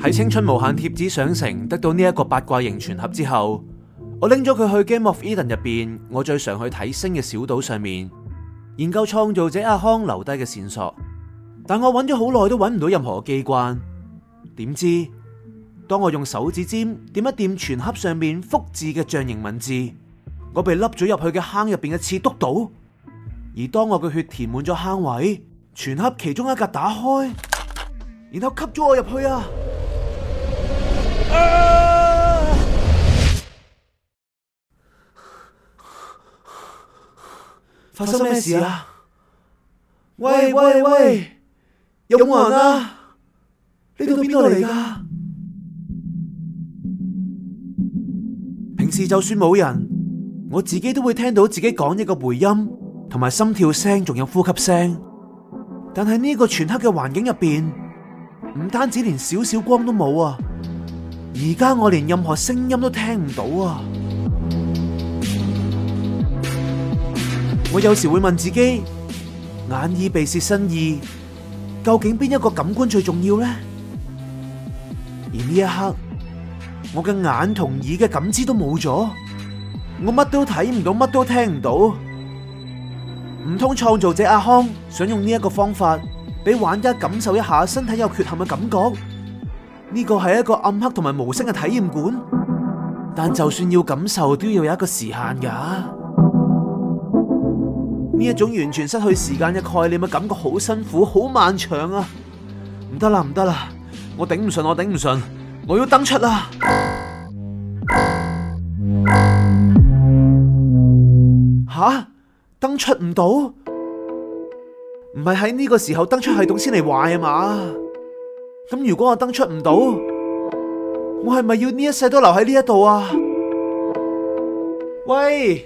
喺青春無限貼紙相城得到呢一個八卦形全盒之後，我拎咗佢去 Game of Eden 入邊，我最常去睇星嘅小島上面研究創造者阿康留低嘅線索，但我揾咗好耐都揾唔到任何嘅機關。點知當我用手指尖掂一掂全盒上面福字嘅象形文字，我被凹咗入去嘅坑入邊嘅刺篤到。而當我嘅血填滿咗坑位，全盒其中一格打開，然後吸咗我入去啊！發生咩事啊？喂喂喂，喂，喂，有冇人啊？呢度邊度嚟噶？平時就算冇人，我自己都會聽到自己講嘢嘅回音，同埋心跳聲，仲有呼吸聲。但係呢個全黑嘅環境入邊，唔單止連少少光都冇啊！而家我連任何聲音都聽唔到啊！我有時會問自己，眼耳鼻舌身意，究竟邊一個感官最重要咧？而呢一刻，我嘅眼同耳嘅感知都冇咗，我乜都睇唔到，乜都聽唔到。唔通創造者阿康想用呢一個方法，俾玩家感受一下身體有缺陷嘅感覺？呢個係一個暗黑同埋無聲嘅體驗館，但就算要感受，都要有一個時限㗎。呢一種完全失去時間嘅概念嘅感覺，好辛苦，好漫長啊！唔得啦，唔得啦，我頂唔順，我頂唔順，我要登出啦！吓、啊，登出唔到？唔係喺呢個時候登出系統先嚟壞啊嘛？咁如果我登出唔到，我係咪要呢一世都留喺呢一度啊？喂，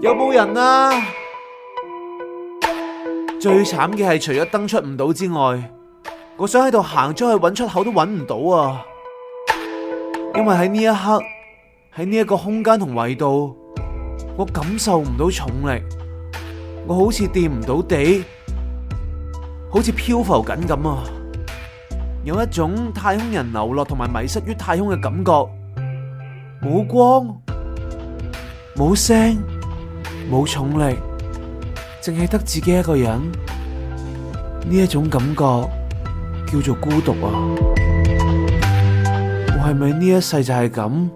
有冇人啊？ 最慘嘅係，除咗登出唔到之外，我想喺度行出去搵出口都搵唔到啊！因為喺呢一刻，喺呢一個空間同維度，我感受唔到重力，我好似掂唔到地，好似漂浮緊咁啊！有一種太空人流落同埋迷失於太空嘅感覺，冇光、冇聲、冇重力，淨係得自己一個人，呢一種感覺叫做孤獨啊！我係咪呢一世就係咁？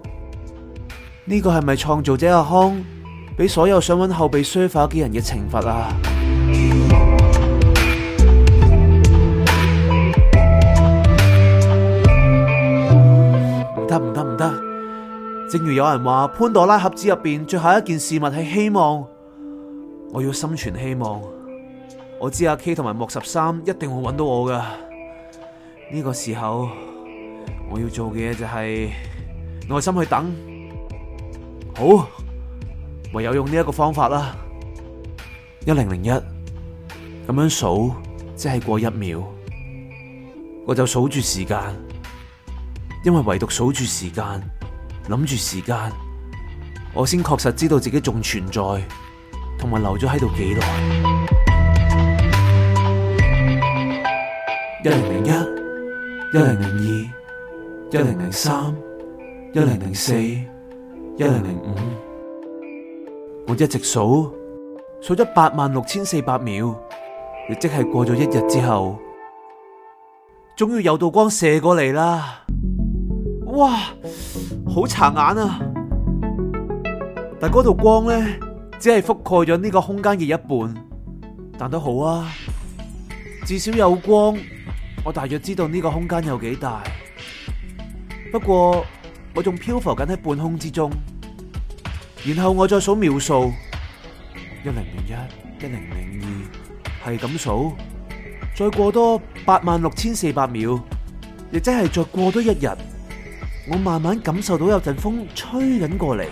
呢個係咪創造者阿康俾所有想搵後備 server 嘅人嘅懲罰啊？正如有人話，潘朵拉盒子入面最後一件事物係希望。我要心存希望。我知阿 K 同埋莫十三一定會搵到我噶。呢、這個時候我要做嘅嘢就係、是、耐心去等。好，唯有用呢一個方法啦。一零零一咁樣數，即係過一秒，我就數住時間，因為唯獨數住時間。諗住時間，我先確實知道自己仲存在，同埋留咗喺度幾耐。一零零一、一零零二、一零零三、一零零四、一零零五，我一直數，數咗八萬六千四百秒，亦即係過咗一日之後，終於有道光射過嚟啦。哇，好殘眼啊！但嗰度光咧，只係覆蓋咗呢個空間嘅一半，但都好啊，至少有光，我大約知道呢個空間有幾大。不過我仲漂浮緊喺半空之中，然後我再數秒數，一零零一，一零零二，係咁數，再過多八萬六千四百秒，亦即係再過多一日。我慢慢感受到有陣風吹緊過嚟，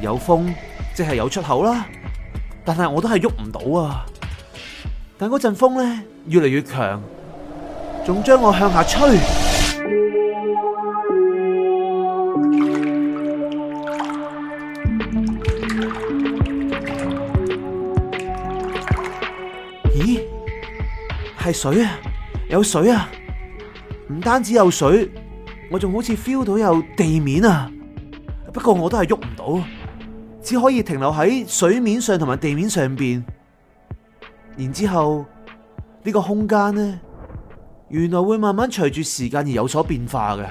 有風即係、就是、有出口啦。但係我都係喐唔到啊！但嗰陣風咧越嚟越強，仲將我向下吹。咦？係水啊！有水啊！唔單止有水。我仲好似 feel 到有地面啊，不過我都係喐唔到，只可以停留喺水面上同埋地面上邊。然之後呢個空間呢，原來會慢慢隨住時間而有所變化嘅，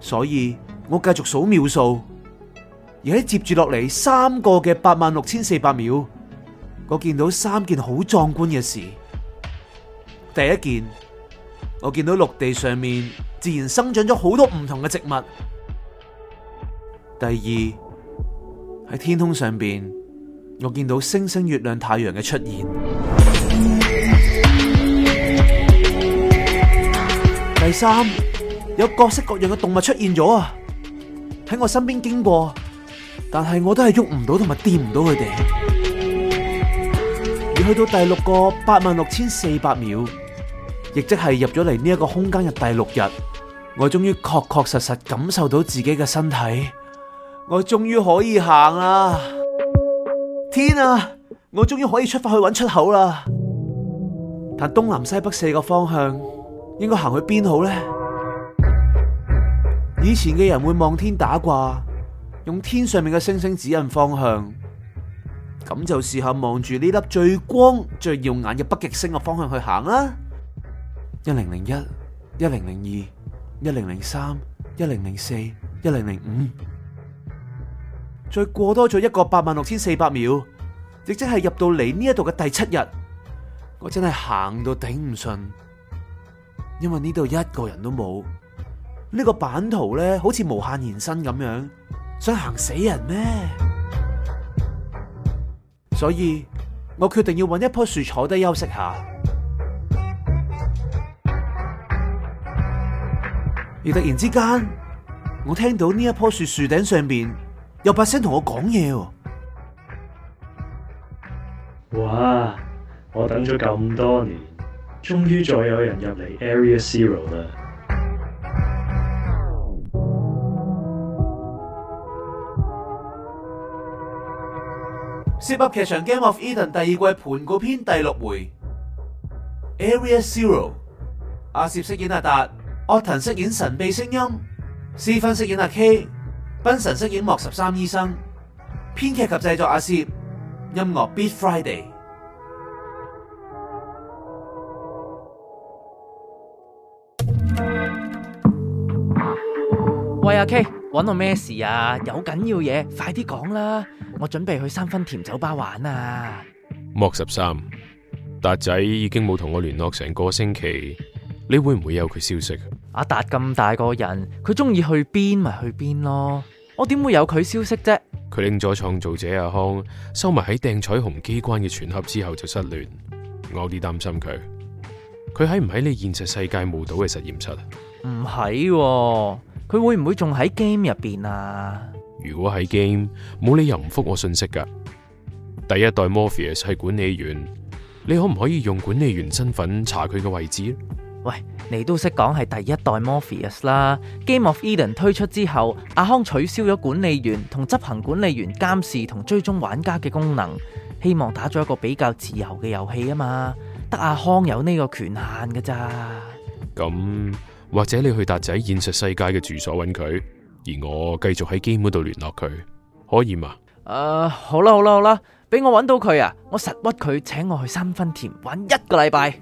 所以我繼續數秒數，而喺接住落嚟三個嘅八萬六千四百秒，我見到三件好壯觀嘅事。第一件，我見到陸地上面。自然生長咗好多唔同嘅植物。第二，喺天空上邊，我見到星星、月亮、太陽嘅出現。第三，有各式各樣嘅動物出現咗啊，喺我身邊經過，但係我都係喐唔到同埋掂唔到佢哋。而去到第六個八萬六千四百秒。亦即係入咗嚟呢一個空間嘅第六日，我終於確確實實感受到自己嘅身體，我終於可以行啦！天啊，我終於可以出發去揾出口啦！但東南西北四個方向應該行去邊好呢？以前嘅人會望天打卦，用天上面嘅星星指引方向，咁就試下望住呢粒最光最耀眼嘅北極星嘅方向去行啦。一零零一、一零零二、一零零三、一零零四、一零零五，再過多咗一個八萬六千四百秒，亦即係入到嚟呢一度嘅第七日，我真係行到頂唔順，因為呢度一個人都冇，呢個版圖咧好似無限延伸咁樣，想行死人咩？所以我決定要搵一棵樹坐低休息下。而突然之間，我聽到呢一棵樹樹頂上面有把聲同我講嘢、哦。哇！我等咗咁多年，終於再有人入嚟 Area Zero 啦！Zip 噏劇場 Game of Eden 第二季盤古篇第六回 Area Zero，阿攝飾演阿、啊、達。Alton 飾演神秘聲音，Cfun 飾演阿 K，彬臣飾演莫十三醫生，編劇及製作阿攝，音樂 BEATFRIDAY。喂，阿 K，搵我咩事啊？有緊要嘢，快啲講啦！我準備去三分甜酒吧玩啊！莫十三，達仔已經冇同我聯絡成個星期。你會唔會有佢消息？阿達咁大個人，佢鍾意去邊咪去邊咯。我點會有佢消息啫？佢拎咗創造者阿康收埋喺掟彩虹機關嘅全盒之後就失聯，我有啲擔心佢。佢喺唔喺你現實世界墓島嘅實驗室？唔喺喎，佢會唔會仲喺 game 入邊啊？如果喺 game，冇理由唔覆我訊息噶。第一代 Morpheus 係管理員，你可唔可以用管理員身份查佢嘅位置？喂，你都識講係第一代 Morpheus 啦。Game of Eden 推出之後，阿康取消咗管理員同執行管理員監視同追蹤玩家嘅功能，希望打咗一個比較自由嘅遊戲啊嘛。得阿康有呢個權限噶咋？咁或者你去達仔現實世界嘅住所揾佢，而我繼續喺 game 度聯絡佢，可以嘛？誒、呃，好啦好啦好啦，俾我揾到佢啊！我實屈佢，請我去三分甜玩一個禮拜。